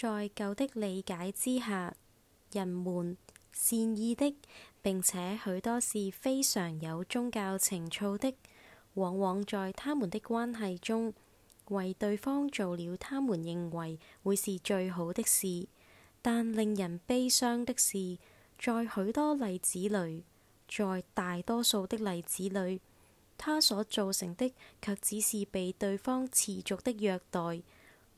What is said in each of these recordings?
在舊的理解之下，人們善意的，並且許多是非常有宗教情操的，往往在他們的關係中為對方做了他們認為會是最好的事。但令人悲傷的是，在許多例子裡，在大多數的例子裡，他所造成的卻只是被對方持續的虐待。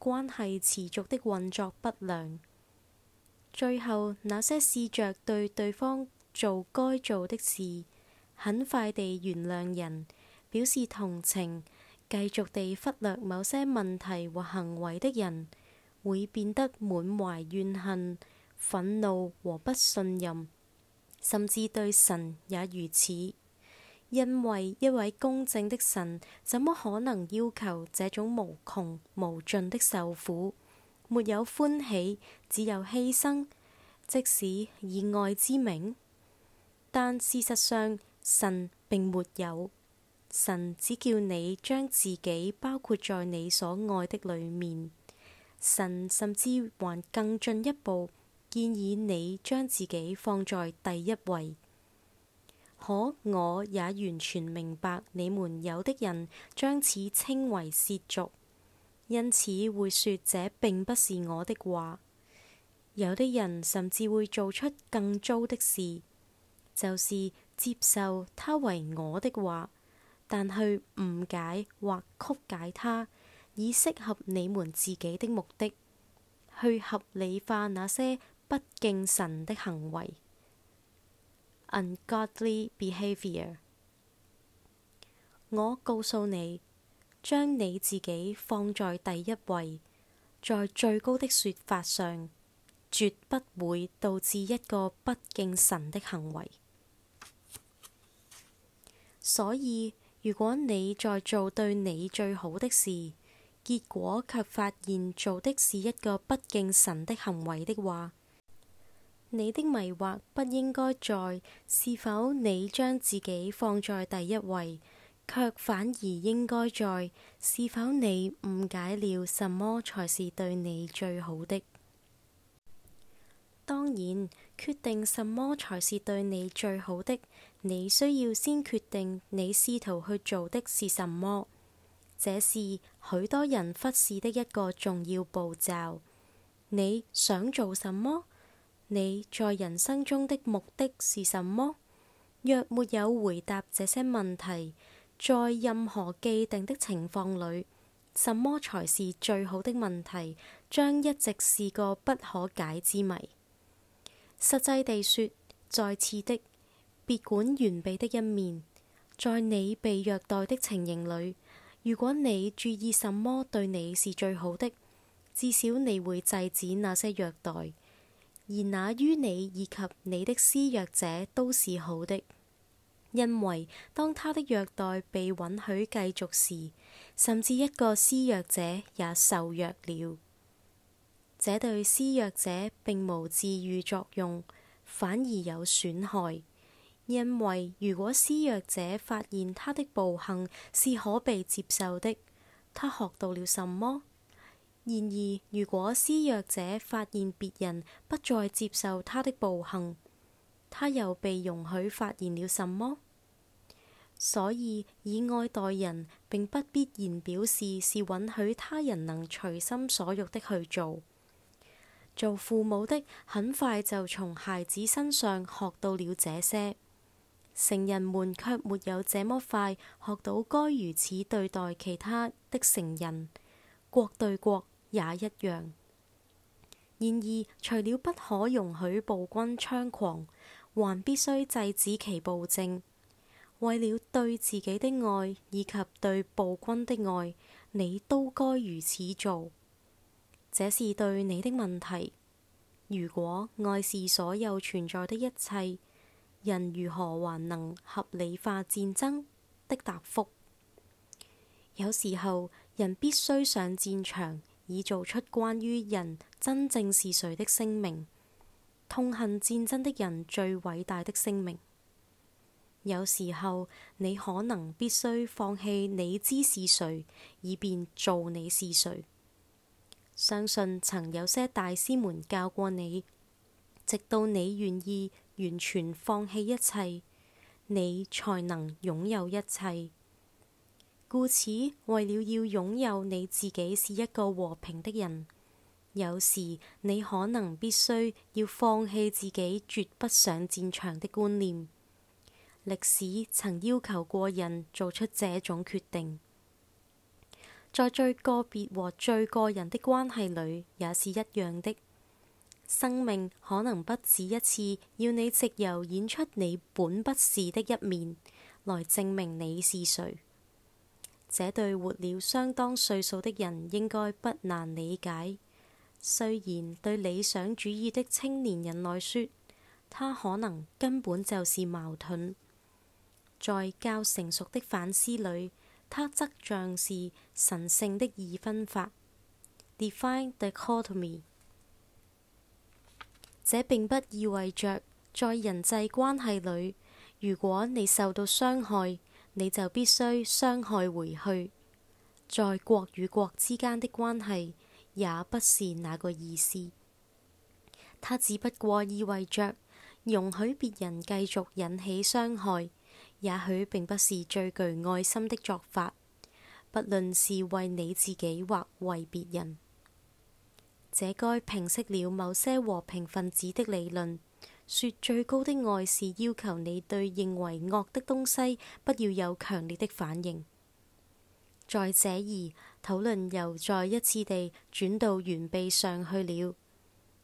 關係持續的運作不良，最後那些試着對對方做該做的事，很快地原諒人，表示同情，繼續地忽略某些問題或行為的人，會變得滿懷怨恨、憤怒和不信任，甚至對神也如此。因為一位公正的神，怎麼可能要求這種無窮無盡的受苦？沒有歡喜，只有犧牲，即使以愛之名。但事實上，神並沒有，神只叫你將自己包括在你所愛的裡面。神甚至還更進一步，建議你將自己放在第一位。可，我也完全明白，你們有的人將此稱為褻瀆，因此會說這並不是我的話。有的人甚至會做出更糟的事，就是接受他為我的話，但去誤解或曲解他，以適合你們自己的目的，去合理化那些不敬神的行為。我告訴你，將你自己放在第一位，在最高的說法上，絕不會導致一個不敬神的行為。所以，如果你在做對你最好的事，結果卻發現做的是一個不敬神的行為的話，你的迷惑不應該在是否你將自己放在第一位，卻反而應該在是否你誤解了什麼才是對你最好的。當然，決定什麼才是對你最好的，你需要先決定你試圖去做的是什麼。這是許多人忽視的一個重要步驟。你想做什麼？你在人生中的目的是什麼？若沒有回答這些問題，在任何既定的情況裏，什麼才是最好的問題，將一直是個不可解之謎。實際地說，再次的，別管完備的一面，在你被虐待的情形裏，如果你注意什麼對你是最好的，至少你會制止那些虐待。而那於你以及你的施虐者都是好的，因為當他的虐待被允許繼續時，甚至一個施虐者也受虐了。這對施虐者並無治癒作用，反而有損害，因為如果施虐者發現他的暴行是可被接受的，他學到了什麼？然而，如果施虐者發現別人不再接受他的暴行，他又被容許發現了什麼？所以，以愛待人，並不必然表示是允許他人能隨心所欲的去做。做父母的很快就從孩子身上學到了這些，成人們卻沒有這麼快學到該如此對待其他的成人，國對國。也一樣。然而，除了不可容許暴君猖狂，還必須制止其暴政。為了對自己的愛，以及對暴君的愛，你都該如此做。這是對你的問題。如果愛是所有存在的一切，人如何還能合理化戰爭的答覆？有時候，人必須上戰場。以做出關於人真正是誰的聲明，痛恨戰爭的人最偉大的聲明。有時候你可能必須放棄你知是誰，以便做你是誰。相信曾有些大師們教過你，直到你願意完全放棄一切，你才能擁有一切。故此，為了要擁有你自己是一個和平的人，有時你可能必須要放棄自己絕不上戰場的觀念。歷史曾要求過人做出這種決定，在最個別和最個人的關係裏也是一樣的。生命可能不止一次要你藉由演出你本不是的一面，來證明你是誰。這對活了相當歲數的人應該不難理解，雖然對理想主義的青年人來說，他可能根本就是矛盾。在較成熟的反思裡，他則像是神聖的二分法 （define d e c h o t o m y 這並不意味着，在人際關係裡，如果你受到傷害，你就必須傷害回去，在國與國之間的關係也不是那個意思。它只不過意味着容許別人繼續引起傷害，也許並不是最具愛心的做法，不論是為你自己或為別人。這該平息了某些和平分子的理論。說最高的愛是要求你對認為惡的東西不要有強烈的反應，在這兒討論又再一次地轉到原被上去了，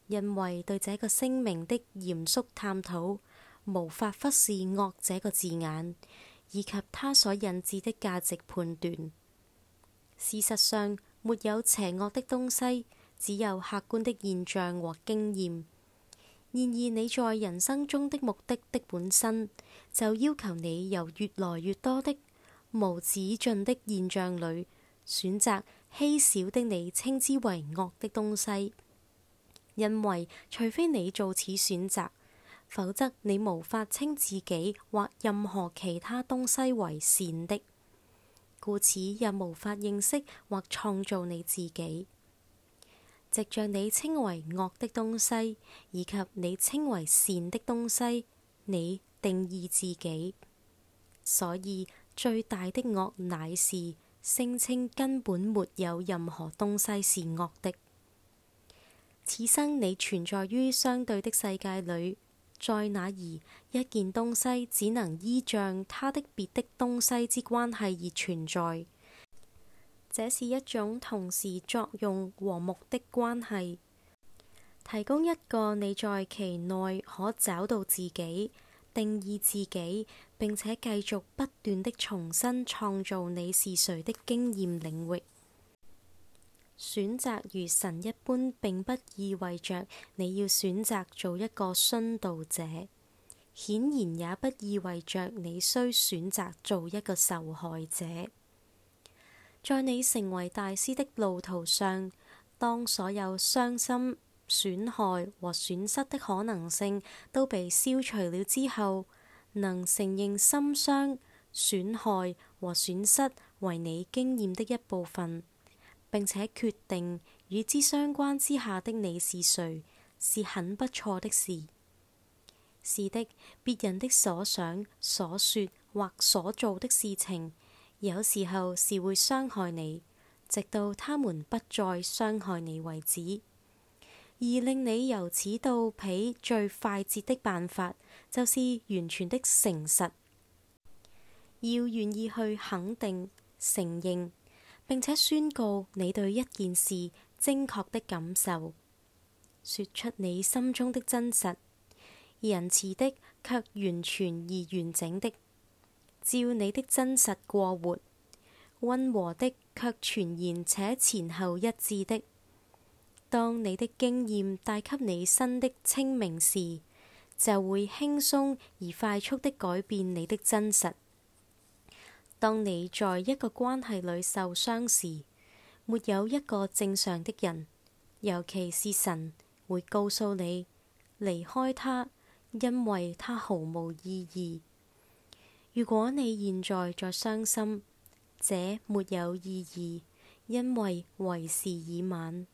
因為對這個聲明的嚴肅探討，無法忽視惡這個字眼，以及它所引致的價值判斷。事實上，沒有邪惡的東西，只有客觀的現象和經驗。然而你在人生中的目的的本身就要求你由越來越多的無止盡的現象裏選擇稀少的你稱之為惡的東西，因為除非你做此選擇，否則你無法稱自己或任何其他東西為善的，故此也無法認識或創造你自己。藉著你稱為惡的東西，以及你稱為善的東西，你定義自己。所以最大的惡乃是聲稱根本沒有任何東西是惡的。此生你存在於相對的世界裏，在那兒，一件東西只能依仗它的別的東西之關係而存在。這是一種同時作用和目的關係，提供一個你在其內可找到自己、定義自己，並且繼續不斷的重新創造你是誰的經驗領域。選擇如神一般，並不意味着你要選擇做一個殉道者，顯然也不意味着你需選擇做一個受害者。在你成為大師的路途上，當所有傷心、損害和損失的可能性都被消除了之後，能承認心傷、損害和損失為你經驗的一部分，並且決定與之相關之下的你是誰，是很不錯的事。是的，別人的所想、所說或所做的事情，有時候是會傷害你，直到他們不再傷害你為止。而令你由此到彼最快捷的辦法，就是完全的誠實，要願意去肯定、承認，並且宣告你對一件事精確的感受，說出你心中的真實，仁慈的，卻完全而完整的。照你的真實過活，温和的卻傳言且前後一致的。當你的經驗帶給你新的清明時，就會輕鬆而快速的改變你的真實。當你在一個關係裏受傷時，沒有一個正常的人，尤其是神，會告訴你離開他，因為他毫無意義。如果你現在在傷心，這沒有意義，因為為時已晚。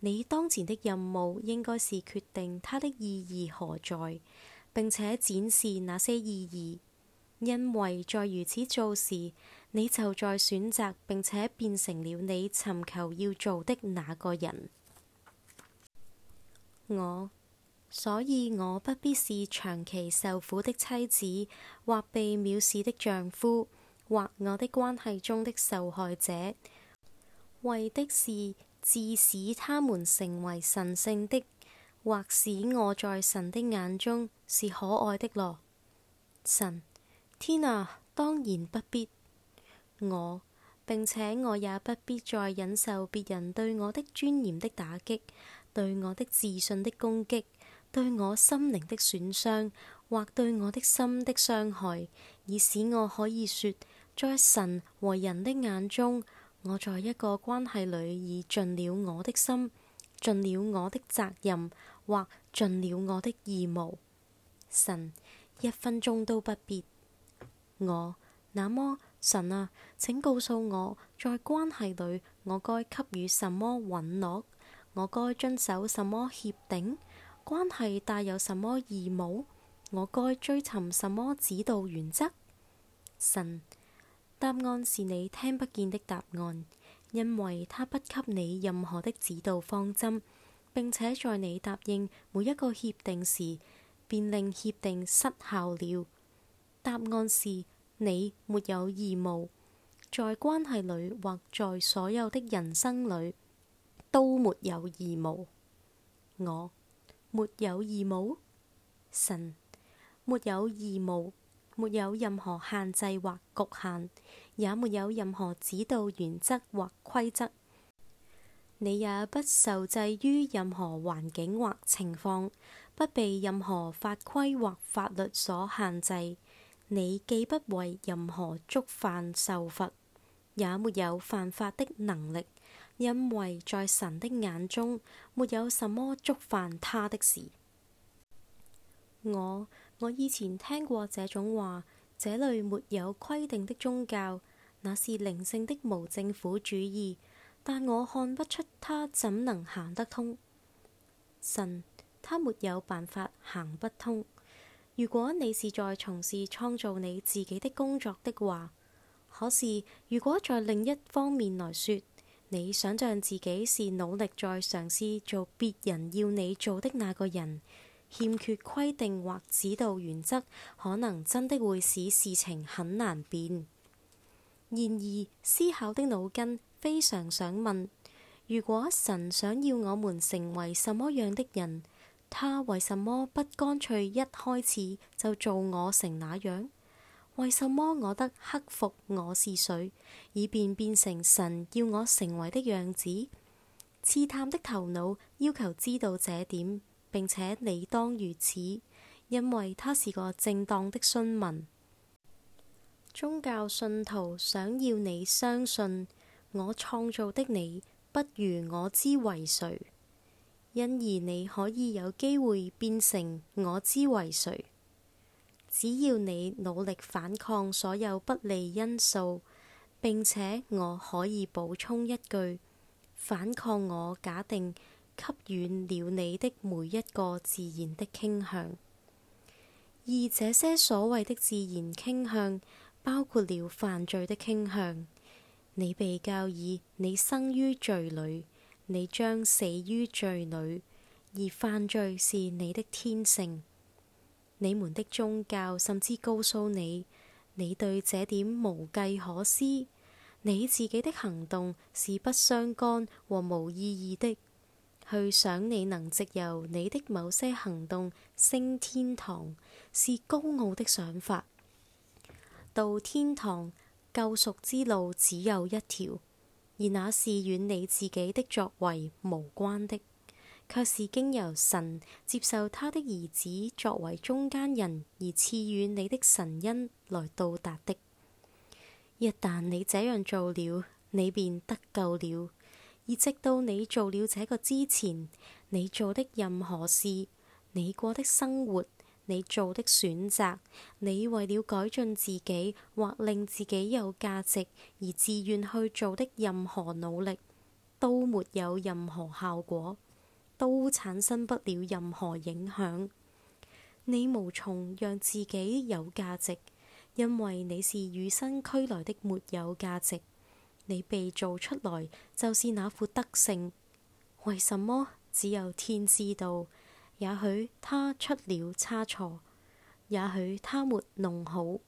你當前的任務應該是決定它的意義何在，並且展示那些意義。因為在如此做時，你就在選擇並且變成了你尋求要做的那個人。我。所以我不必是長期受苦的妻子，或被藐視的丈夫，或我的關係中的受害者，為的是致使他們成為神聖的，或使我在神的眼中是可愛的咯。神，天啊，當然不必我，並且我也不必再忍受別人對我的尊嚴的打擊，對我的自信的攻擊。對我心靈的損傷，或對我的心的傷害，以使我可以說，在神和人的眼中，我在一個關係裏已盡了我的心，盡了我的責任，或盡了我的義務。神一分鐘都不別我，那麼神啊，請告訴我，在關係裏我該給予什麼允諾，我該遵守什麼協定？關係帶有什麼義務？我該追尋什麼指導原則？神，答案是你聽不見的答案，因為他不給你任何的指導方針，並且在你答應每一個協定時，便令協定失效了。答案是你沒有義務，在關係裏或在所有的人生裏都沒有義務。我。沒有義務，神，沒有義務，沒有任何限制或局限，也沒有任何指導原則或規則。你也不受制於任何環境或情況，不被任何法規或法律所限制。你既不為任何觸犯受罰，也沒有犯法的能力。因為在神的眼中，沒有什麼觸犯他的事。我我以前聽過這種話，這裏沒有規定的宗教，那是靈性的無政府主義，但我看不出他怎能行得通。神，他沒有辦法行不通。如果你是在從事創造你自己的工作的話，可是如果在另一方面來說，你想象自己是努力在嘗試做別人要你做的那個人，欠缺規定或指導原則，可能真的會使事情很難變。然而，思考的腦筋非常想問：如果神想要我們成為什麼樣的人，他為什麼不乾脆一開始就做我成那樣？為什麼我得克服我是誰，以便變成神要我成為的樣子？刺探的頭腦要求知道這點，並且理當如此，因為它是個正當的詢問。宗教信徒想要你相信我創造的你，不如我之為誰，因而你可以有機會變成我之為誰。只要你努力反抗所有不利因素，並且我可以補充一句，反抗我假定給予了你的每一個自然的傾向，而這些所謂的自然傾向包括了犯罪的傾向。你被教以你生於罪裏，你將死於罪裏，而犯罪是你的天性。你們的宗教甚至告訴你，你對這點無計可施，你自己的行動是不相干和無意義的。去想你能藉由你的某些行動升天堂，是高傲的想法。到天堂救贖之路只有一條，而那是與你自己的作為無關的。卻是經由神接受他的兒子作為中間人而賜予你的神恩來到達的。一旦你這樣做了，你便得救了；而直到你做了這個之前，你做的任何事、你過的生活、你做的選擇、你為了改進自己或令自己有價值而自願去做的任何努力，都沒有任何效果。都產生不了任何影響，你無從讓自己有價值，因為你是與生俱來的沒有價值。你被做出來就是那副德性，為什麼只有天知道？也許他出了差錯，也許他沒弄好，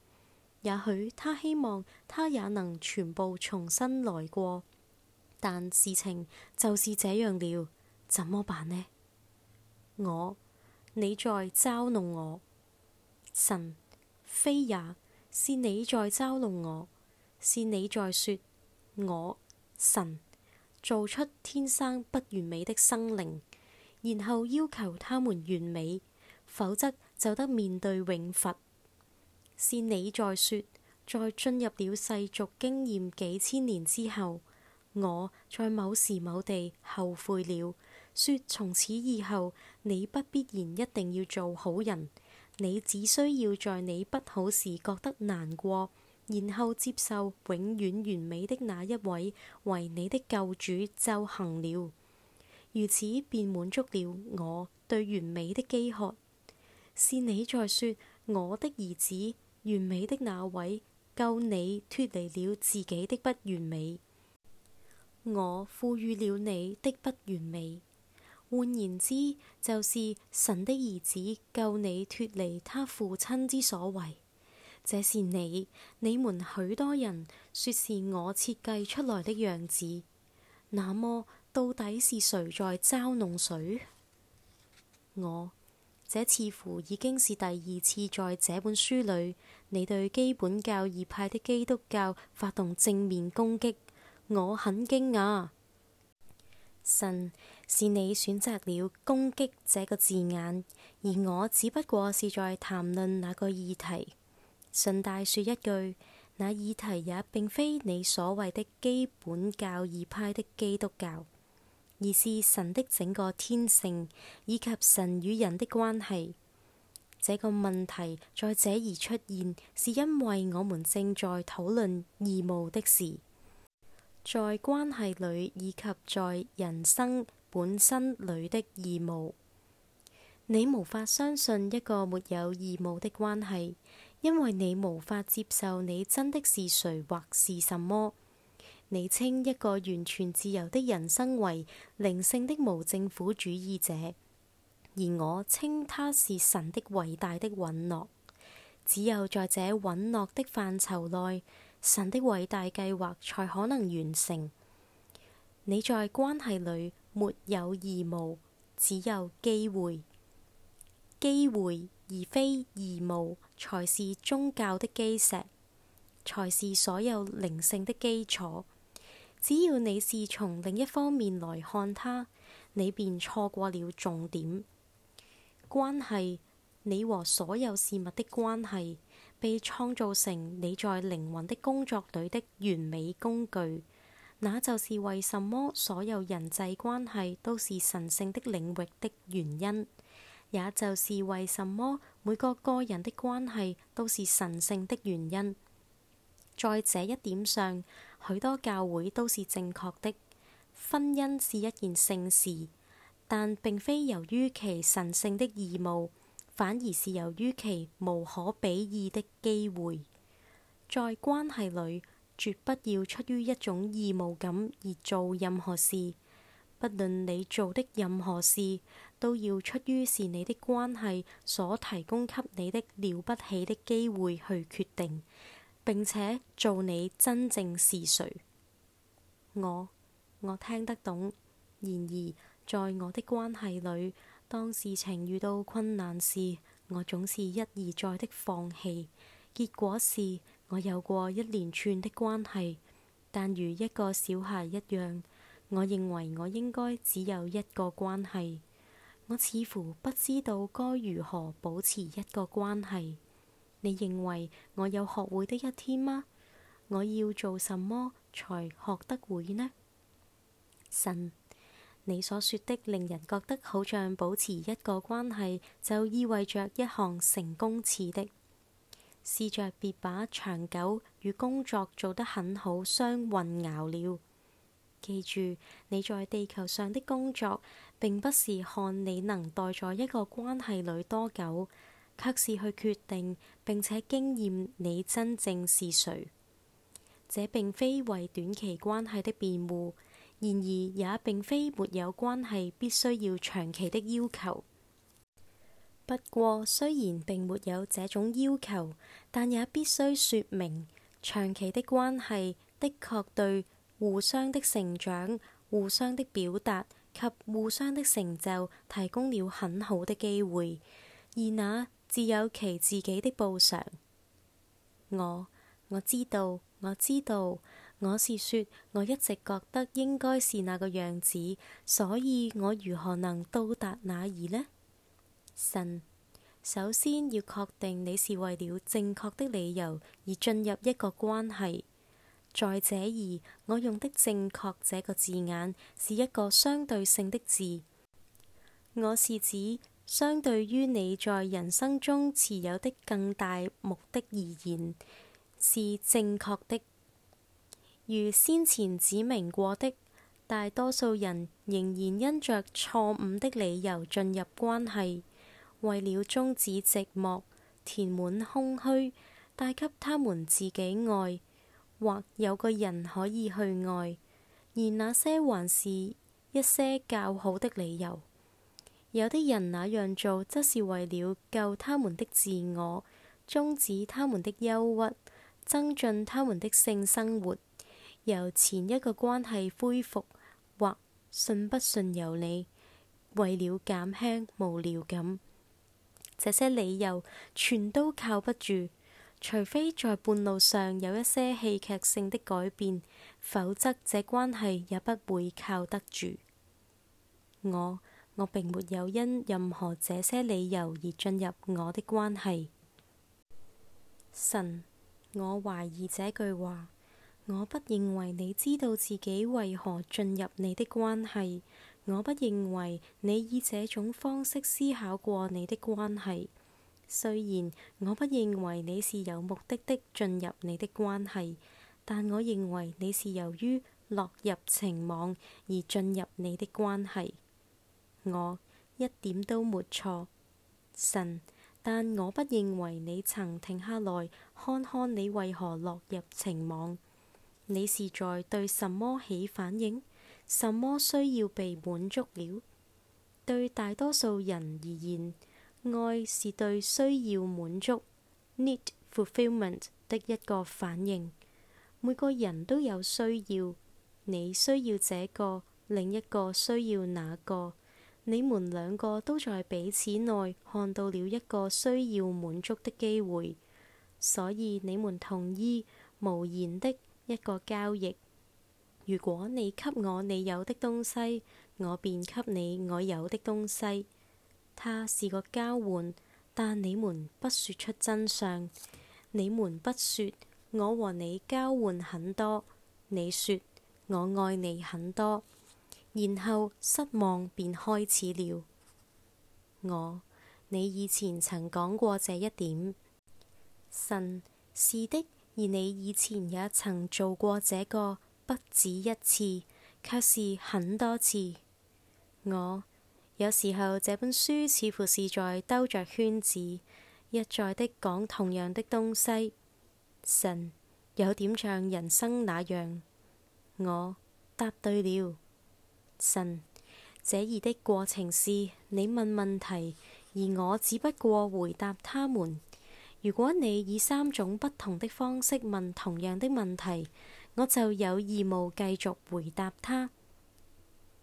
也許他希望他也能全部重新來過，但事情就是這樣了。怎麼辦呢？我，你在嘲弄我。神，非也，是你在嘲弄我，是你在說，我神造出天生不完美的生靈，然後要求他們完美，否則就得面對永罰。是你在說，在進入了世俗經驗幾千年之後，我在某時某地後悔了。說：從此以後，你不必然一定要做好人，你只需要在你不好時覺得難過，然後接受永遠完美的那一位為你的救主就行了。如此便滿足了我對完美的飢渴。是你在說，我的兒子完美的那位救你脱離了自己的不完美，我賦予了你的不完美。換言之，就是神的兒子救你脱離他父親之所為。這是你，你們許多人說是我設計出來的樣子。那麼到底是誰在嘲弄誰？我這似乎已經是第二次在這本書裏，你對基本教義派的基督教發動正面攻擊，我很驚訝。神。是你選擇了攻擊這個字眼，而我只不過是在談論那個議題。順帶說一句，那議題也並非你所謂的基本教義派的基督教，而是神的整個天性以及神與人的關係。這個問題在這兒出現，是因為我們正在討論義務的事，在關係裏以及在人生。本身裏的義務，你無法相信一個沒有義務的關係，因為你無法接受你真的是誰或是什麼。你稱一個完全自由的人生為靈性的無政府主義者，而我稱他是神的偉大的允諾。只有在這允諾的範疇內，神的偉大計劃才可能完成。你在關係裏。沒有義務，只有機會。機會而非義務，才是宗教的基石，才是所有靈性的基礎。只要你是從另一方面來看它，你便錯過了重點。關係，你和所有事物的關係，被創造成你在靈魂的工作裏的完美工具。那就是為什麼所有人際關係都是神聖的領域的原因，也就是為什麼每個個人的關係都是神聖的原因。在這一點上，許多教會都是正確的。婚姻是一件聖事，但並非由於其神聖的義務，反而是由於其無可比擬的機會。在關係裏。絕不要出於一種義務感而做任何事，不論你做的任何事，都要出於是你的關係所提供給你的了不起的機會去決定。並且做你真正是誰。我，我聽得懂。然而在我的關係裏，當事情遇到困難時，我總是一而再的放棄，結果是。我有過一連串的關係，但如一個小孩一樣，我認為我應該只有一個關係。我似乎不知道該如何保持一個關係。你認為我有學會的一天嗎？我要做什麼才學得會呢？神，你所說的令人覺得好像保持一個關係就意味着一項成功似的。試着別把長久與工作做得很好相混淆了。記住，你在地球上的工作並不是看你能待在一個關係裡多久，卻是去決定並且經驗你真正是誰。這並非為短期關係的辯護，然而也並非沒有關係必須要長期的要求。不過，雖然並沒有這種要求，但也必須説明，長期的關係的確對互相的成長、互相的表達及互相的成就提供了很好的機會。而那自有其自己的補償。我我知道我知道，我是說我一直覺得應該是那個樣子，所以我如何能到達那兒呢？神首先要確定你是為了正確的理由而進入一個關係，在這兒我用的正確這個字眼是一個相對性的字，我是指相對於你在人生中持有的更大目的而言，是正確的。如先前指明過的，大多數人仍然因着錯誤的理由進入關係。為了終止寂寞，填滿空虛，帶給他們自己愛，或有個人可以去愛，而那些還是一些較好的理由。有啲人那樣做，則是為了救他們的自我，終止他們的憂鬱，增進他們的性生活，由前一個關係恢復，或信不信由你，為了減輕無聊感。這些理由全都靠不住，除非在半路上有一些戲劇性的改變，否則這關係也不會靠得住。我，我並沒有因任何這些理由而進入我的關係。神，我懷疑這句話，我不認為你知道自己為何進入你的關係。我不認為你以這種方式思考過你的關係。雖然我不認為你是有目的的進入你的關係，但我認為你是由於落入情網而進入你的關係。我一點都沒錯，神，但我不認為你曾停下來看看你為何落入情網。你是在對什麼起反應？什麼需要被滿足了？對大多數人而言，愛是對需要滿足 （need fulfillment） l 的一個反應。每個人都有需要，你需要這個，另一個需要那個。你們兩個都在彼此內看到了一個需要滿足的機會，所以你們同意無言的一個交易。如果你給我你有的東西，我便給你我有的東西。它是個交換，但你們不說出真相。你們不說，我和你交換很多。你說我愛你很多，然後失望便開始了。我，你以前曾講過這一點。神，是的，而你以前也曾做過這個。不止一次，卻是很多次。我，有時候這本書似乎是在兜着圈子，一再的講同樣的東西。神，有點像人生那樣。我，答對了。神，這兒的過程是你問問題，而我只不過回答他們。如果你以三種不同的方式問同樣的問題，我就有義務繼續回答他。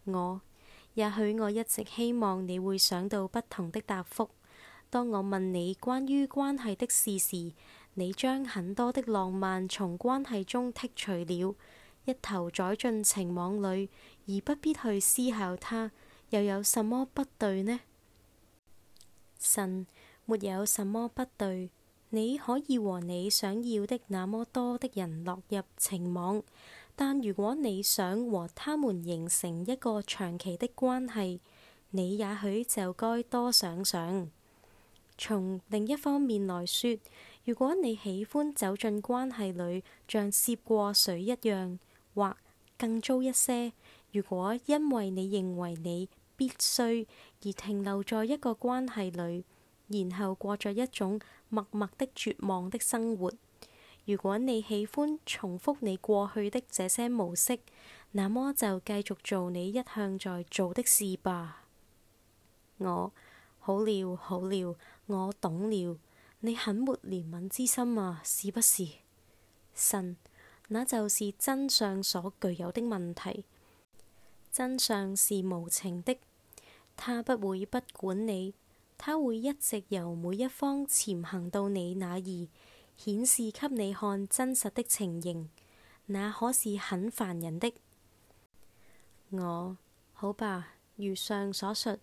我，也許我一直希望你會想到不同的答復。當我問你關於關係的事時，你將很多的浪漫從關係中剔除了，一頭栽進情網裏，而不必去思考它，又有什麼不對呢？神，沒有什麼不對。你可以和你想要的那麼多的人落入情網，但如果你想和他們形成一個長期的關係，你也許就該多想想。從另一方面來說，如果你喜歡走進關係裏，像涉過水一樣，或更糟一些，如果因為你認為你必須而停留在一個關係裏，然後過着一種……默默的絕望的生活。如果你喜歡重複你過去的這些模式，那麼就繼續做你一向在做的事吧。我好了，好了，我懂了。你很沒憐憫之心啊，是不是？神，那就是真相所具有的問題。真相是無情的，他不會不管你。他會一直由每一方潛行到你那兒，顯示給你看真實的情形。那可是很煩人的。我，好吧，如上所述，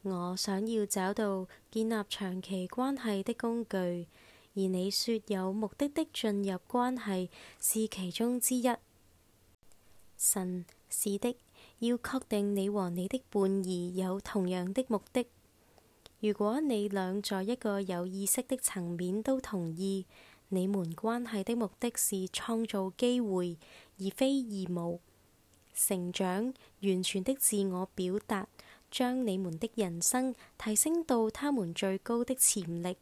我想要找到建立長期關係的工具，而你說有目的的進入關係是其中之一。神，是的，要確定你和你的伴兒有同樣的目的。如果你倆在一個有意識的層面都同意，你們關係的目的是創造機會，而非義務、成長，完全的自我表達，將你們的人生提升到他們最高的潛力，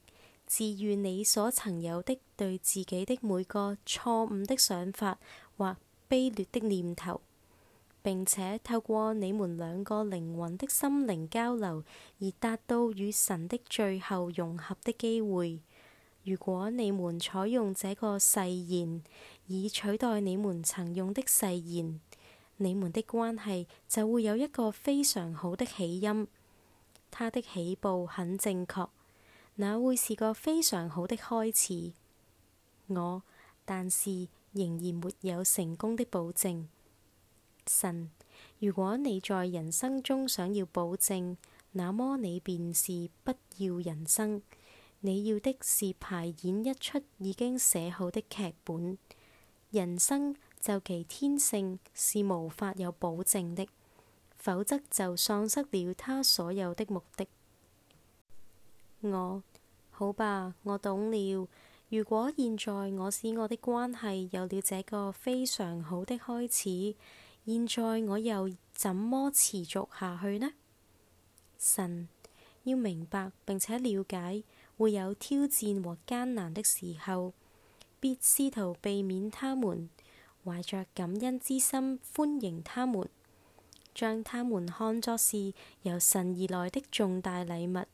治愈你所曾有的對自己的每個錯誤的想法或卑劣的念頭。並且透過你們兩個靈魂的心靈交流，而達到與神的最後融合的機會。如果你們採用這個誓言，以取代你們曾用的誓言，你們的關係就會有一個非常好的起因。它的起步很正確，那會是個非常好的開始。我，但是仍然沒有成功的保證。神，如果你在人生中想要保證，那麼你便是不要人生，你要的是排演一出已經寫好的劇本。人生就其天性是無法有保證的，否則就喪失了他所有的目的。我，好吧，我懂了。如果現在我使我的關係有了這個非常好的開始。現在我又怎麼持續下去呢？神，要明白並且了解會有挑戰和艱難的時候，必試圖避免他們，懷着感恩之心歡迎他們，將他們看作是由神而來的重大禮物，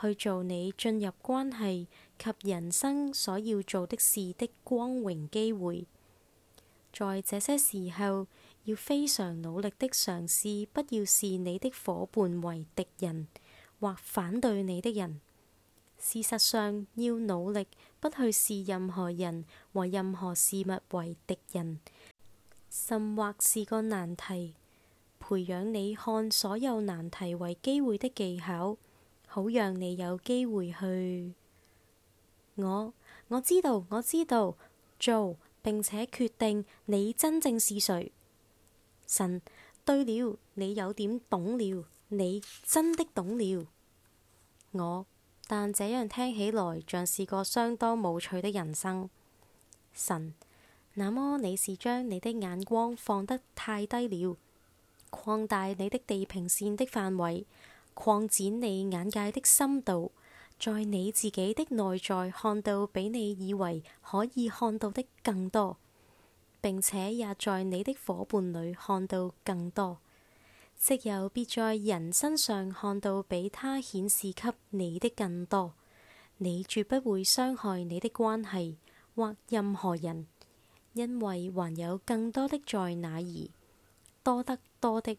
去做你進入關係及人生所要做的事的光榮機會。在這些時候。要非常努力的嘗試，不要視你的夥伴為敵人或反對你的人。事實上，要努力不去視任何人和任何事物為敵人，甚或是個難題。培養你看所有難題為機會的技巧，好讓你有機會去。我，我知道，我知道。做，並且決定你真正是誰。神，對了，你有點懂了，你真的懂了。我，但這樣聽起來像是個相當無趣的人生。神，那麼你是將你的眼光放得太低了，擴大你的地平線的範圍，擴展你眼界的深度，在你自己的內在看到比你以為可以看到的更多。並且也在你的伙伴裏看到更多，即有別在人身上看到比他顯示給你的更多。你絕不會傷害你的關係或任何人，因為還有更多的在那兒。多得多的，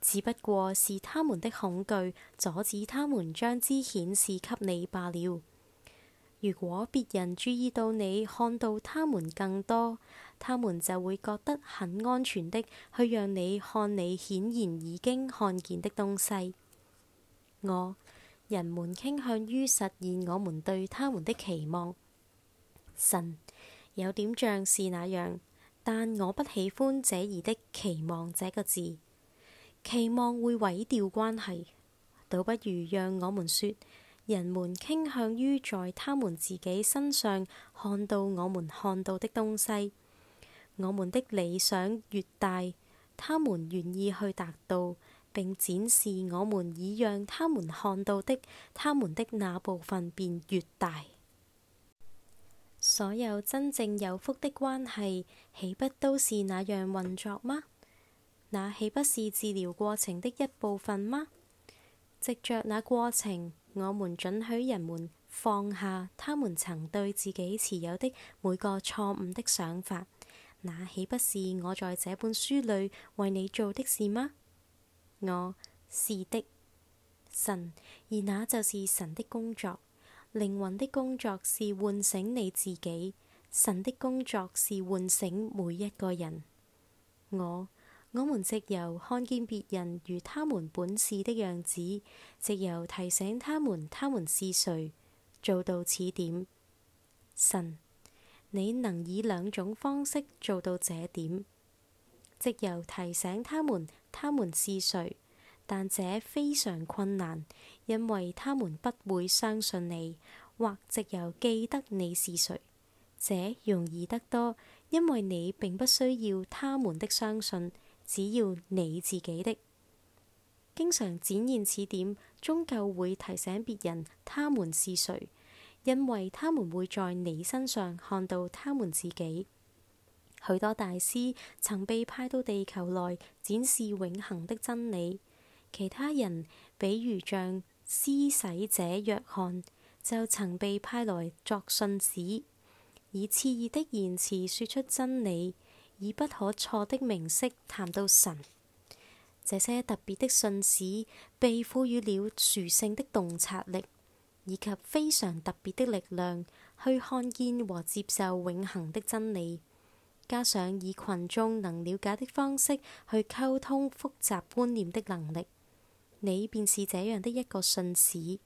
只不過是他們的恐懼阻止他們將之顯示給你罷了。如果別人注意到你，看到他們更多，他們就會覺得很安全的去讓你看你顯然已經看見的東西。我，人們傾向於實現我們對他們的期望。神，有點像是那樣，但我不喜歡這兒的期望這個字。期望會毀掉關係，倒不如讓我們說。人們傾向於在他們自己身上看到我們看到的東西。我們的理想越大，他們願意去達到並展示我們已讓他們看到的，他們的那部分便越大。所有真正有福的關係，豈不都是那樣運作嗎？那豈不是治療過程的一部分嗎？藉著那過程。我們準許人們放下他們曾對自己持有的每個錯誤的想法，那豈不是我在這本書裏為你做的事嗎？我，是的，神，而那就是神的工作。靈魂的工作是喚醒你自己，神的工作是喚醒每一個人。我。我們藉由看見別人如他們本是的樣子，藉由提醒他們他們是誰做到此點。神，你能以兩種方式做到這點，藉由提醒他們他們是誰，但這非常困難，因為他們不會相信你，或藉由記得你是誰。這容易得多，因為你並不需要他們的相信。只要你自己的，經常展現此點，終究會提醒別人他們是誰，因為他們會在你身上看到他們自己。許多大師曾被派到地球內展示永恆的真理，其他人，比如像施洗者約翰，就曾被派來作信使，以熾熱的言辭說出真理。以不可錯的名式，談到神。這些特別的信使被賦予了殊勝的洞察力，以及非常特別的力量，去看見和接受永恒的真理，加上以群眾能了解的方式去溝通複雜觀念的能力，你便是這樣的一個信使。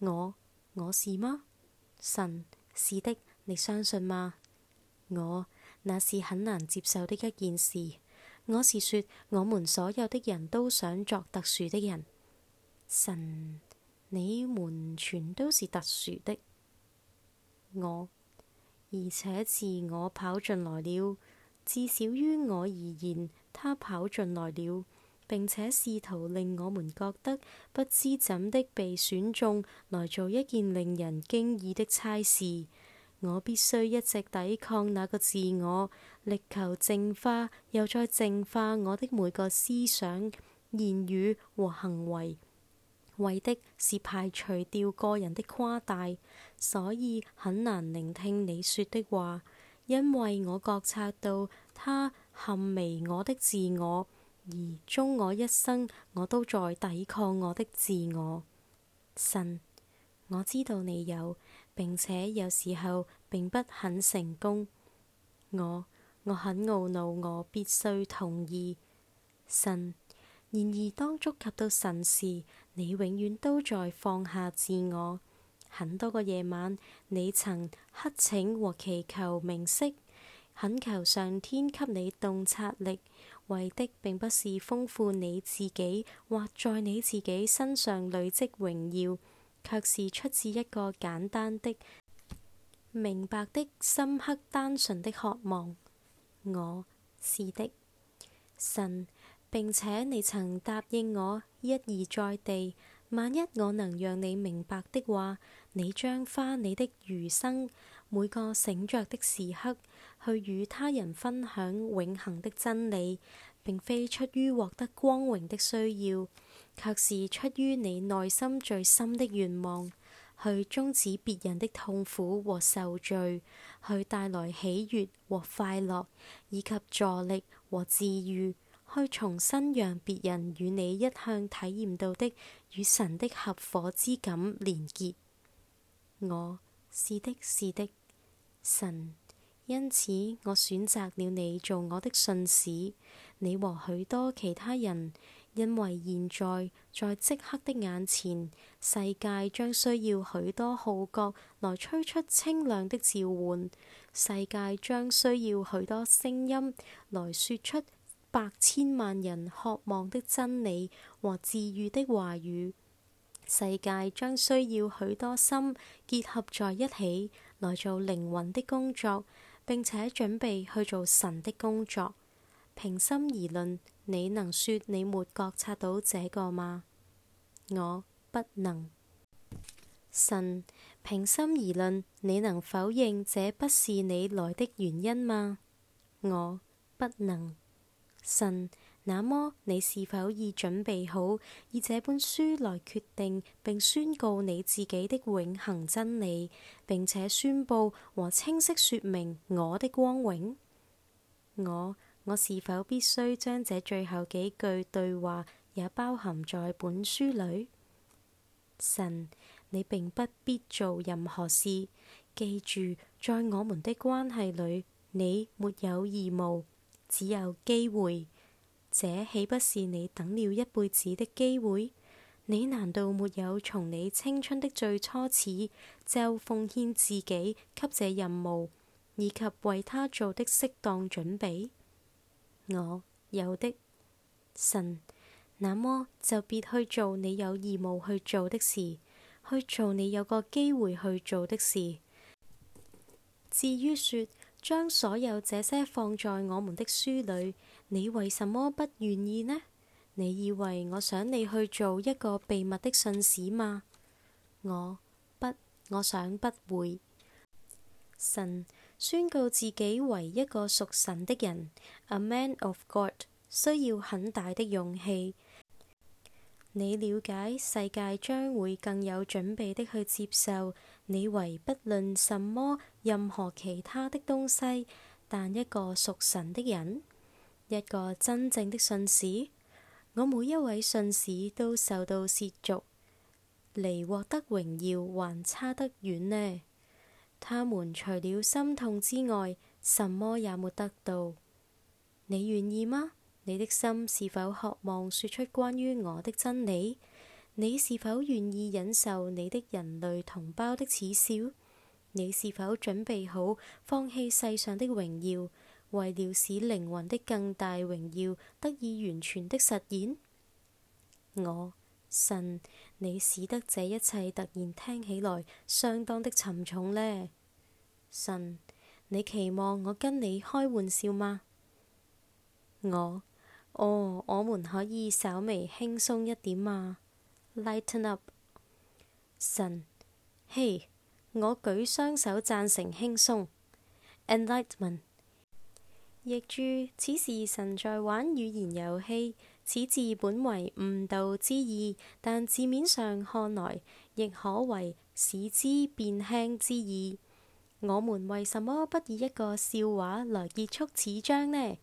我，我是嗎？神，是的，你相信嗎？我。那是很難接受的一件事。我是說，我們所有的人都想作特殊的人。神，你們全都是特殊的。我，而且自我跑進來了。至少於我而言，他跑進來了，並且試圖令我們覺得不知怎的被選中，來做一件令人驚異的差事。我必須一直抵抗那個自我，力求淨化，又再淨化我的每個思想、言語和行為，為的是排除掉個人的誇大，所以很難聆聽你說的話，因為我覺察到他諂媚我的自我，而終我一生，我都在抵抗我的自我。神，我知道你有。並且有時候並不很成功，我我很懊惱，我必須同意神。然而當觸及到神時，你永遠都在放下自我。很多個夜晚，你曾乞請和祈求明晰，懇求上天給你洞察力，為的並不是豐富你自己或在你自己身上累積榮耀。卻是出自一個簡單的、明白的、深刻、單純的渴望。我是的，神，並且你曾答應我一而再地。萬一我能讓你明白的話，你將花你的餘生每個醒着的時刻去與他人分享永恆的真理。並非出於獲得光榮的需要，卻是出於你內心最深的願望，去終止別人的痛苦和受罪，去帶來喜悦和快樂，以及助力和治愈，去重新讓別人與你一向體驗到的與神的合夥之感連結。我，是的，是的，神。因此，我選擇了你做我的信使。你和許多其他人，因為現在在即刻的眼前，世界將需要許多號角來吹出清亮的召喚；世界將需要許多聲音來說出百千萬人渴望的真理和治愈的話語；世界將需要許多心結合在一起，來做靈魂的工作。並且準備去做神的工作。平心而論，你能說你沒覺察到這個嗎？我不能。神，平心而論，你能否認這不是你來的原因嗎？我不能。神。那麼你是否已準備好以這本書來決定，並宣告你自己的永恒真理，並且宣佈和清晰說明我的光榮？我我是否必須將這最後幾句對話也包含在本書裏？神，你並不必做任何事。記住，在我們的關係裏，你沒有義務，只有機會。這豈不是你等了一輩子的機會？你難道沒有從你青春的最初始就奉獻自己給這任務，以及為他做的適當準備？我有的，神。那麼就別去做你有義務去做的事，去做你有個機會去做的事。至於說將所有這些放在我們的書裏。你為什麼不願意呢？你以為我想你去做一個秘密的信使嗎？我不，我想不會。神宣告自己為一個屬神的人，a man of God，需要很大的勇氣。你了解世界將會更有準備的去接受你，為不論什麼、任何其他的東西，但一個屬神的人。一個真正的信使，我每一位信使都受到褻瀆，離獲得榮耀還差得遠呢。他們除了心痛之外，什麼也沒得到。你願意嗎？你的心是否渴望說出關於我的真理？你是否願意忍受你的人類同胞的恥笑？你是否準備好放棄世上的榮耀？為了使靈魂的更大榮耀得以完全的實現，我，神，你使得這一切突然聽起來相當的沉重呢？神，你期望我跟你開玩笑嗎？我哦，我們可以稍微輕鬆一點嘛，Lighten up。神，嘿，我舉雙手贊成輕鬆，Enlightenment。Enlight 譯注，此事神在玩語言遊戲，此字本為誤導之意，但字面上看來亦可為使之變輕之意。我們為什麼不以一個笑話來結束此章呢？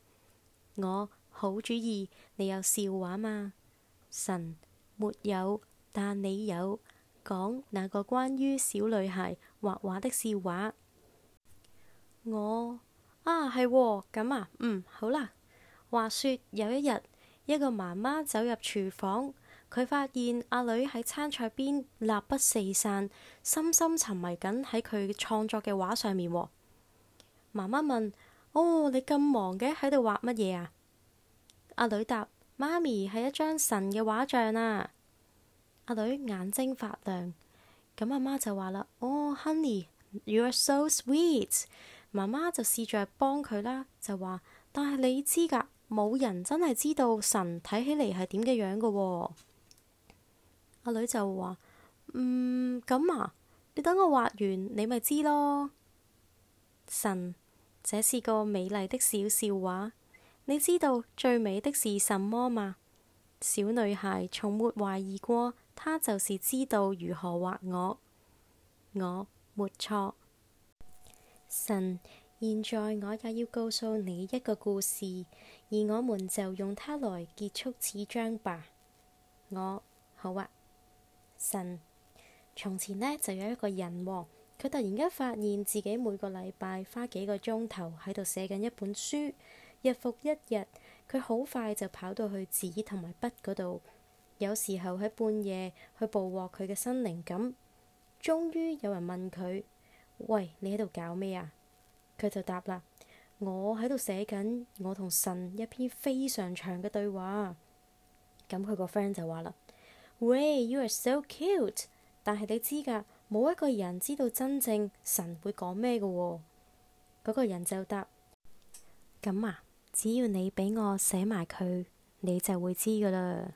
我，好主意，你有笑話嗎？神，沒有，但你有講那個關於小女孩畫畫的笑話。我。啊，係咁啊，嗯，好啦。話說有一日，一個媽媽走入廚房，佢發現阿女喺餐桌邊立筆四散，深深沉迷緊喺佢創作嘅畫上面。媽媽問：哦，你咁忙嘅喺度畫乜嘢啊？阿、啊、女答：媽咪係一張神嘅畫像啊！阿女眼睛發亮，咁阿媽就話啦：哦，Honey，you're so sweet。媽媽就試着幫佢啦，就話：但係你知噶，冇人真係知道神睇起嚟係點嘅樣噶喎。阿女就話：嗯，咁啊，你等我畫完，你咪知咯。神，這是個美麗的小笑話。你知道最美的是什麼嗎？小女孩從沒懷疑過，她就是知道如何畫我。我，沒錯。神，現在我也要告訴你一個故事，而我們就用它來結束此章吧。我好啊。神，從前呢，就有一個人王，佢突然間發現自己每個禮拜花幾個鐘頭喺度寫緊一本書，日復一日，佢好快就跑到去紙同埋筆嗰度，有時候喺半夜去捕獲佢嘅新靈感。終於有人問佢。喂，你喺度搞咩啊？佢就答啦，我喺度寫緊我同神一篇非常長嘅對話。咁佢個 friend 就話啦，喂 you are so cute！但係你知噶，冇一個人知道真正神會講咩噶。嗰個人就答咁啊，只要你畀我寫埋佢，你就會知噶啦。